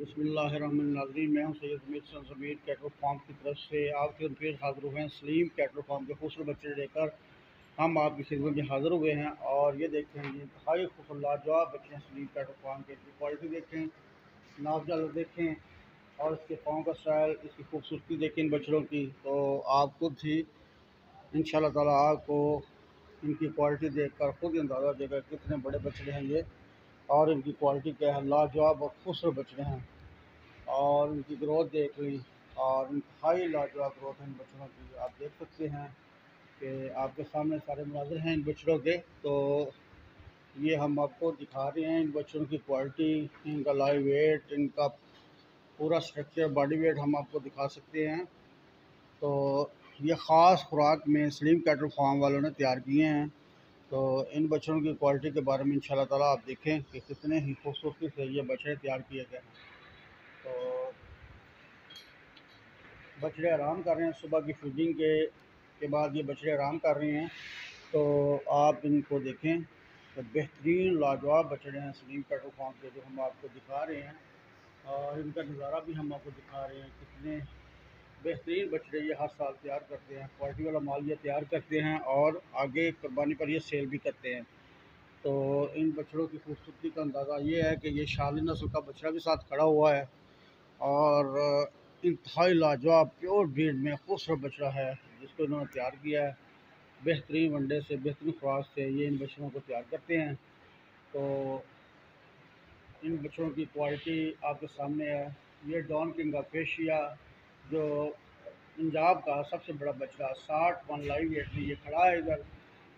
बसमीम मैं हूँ सैयद हमीद समीर कैटल फार्म की तरफ से आपके फिर हाजिर हुए हैं सलीम कैटल फार्म के खूबसूरत बच्चे लेकर हम आपकी खिदमत में हाज़िर हुए हैं और ये देखें ये इंतहाई खूबसूरत लाजवाब बच्चे हैं सलीम कैटल फार्म के इसकी क्वालिटी देखें नाफजाल देखें और इसके फॉर्म का स्टाइल इसकी खूबसूरती देखें इन बच्चों की तो आप खुद ही इन ताला तक इनकी क्वालिटी देख कर खुद ही अंदाज़ा देगा कितने बड़े बछड़े हैं ये और इनकी क्वालिटी क्या है लाजवाब और खूबसूरत बच्चे हैं और इनकी ग्रोथ देख ली और इनकी हाई लाजवाब ग्रोथ है इन बच्चों की आप देख सकते हैं कि आपके सामने सारे मनाजर हैं इन बच्चों के तो ये हम आपको दिखा रहे हैं इन बच्चों की क्वालिटी इनका लाइव वेट इनका पूरा स्ट्रक्चर बॉडी वेट हम आपको दिखा सकते हैं तो ये ख़ास खुराक में स्लिम कैटल फार्म वालों ने तैयार किए हैं तो इन बछड़ों की क्वालिटी के बारे में इन तला आप देखें कि कितने ही खूबसूरती से ये बछड़े तैयार किए गए हैं तो बछड़े आराम कर रहे हैं सुबह की फीडिंग के के बाद ये बछड़े आराम कर रहे हैं तो आप इनको देखें तो बेहतरीन लाजवाब बछड़े हैं सलीम पेट्रोल फार्म के जो हम आपको दिखा रहे हैं और इनका नज़ारा भी हम आपको दिखा रहे हैं कितने बेहतरीन बछड़े ये हर साल तैयार करते हैं क्वालिटी वाला माल ये तैयार करते हैं और आगे कुर्बानी पर ये सेल भी करते हैं तो इन बछड़ों की खूबसूरती का अंदाज़ा ये है कि ये शाली नस्ल का बछड़ा भी साथ खड़ा हुआ है और इंतहाई लाजवाब प्योर ब्रीड में खूबसूरत बछड़ा है जिसको इन्होंने तैयार किया है बेहतरीन वनडे से बेहतरीन खुराक से ये इन बछड़ों को तैयार करते हैं तो इन बछड़ों की क्वालिटी आपके सामने है ये डॉन किंग का जो पंजाब का सबसे बड़ा बछड़ा साठ वन लाइव एट ये खड़ा है इधर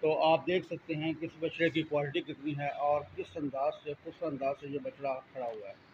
तो आप देख सकते हैं कि इस बछड़े की क्वालिटी कितनी है और किस अंदाज से किस अंदाज से ये बछड़ा खड़ा हुआ है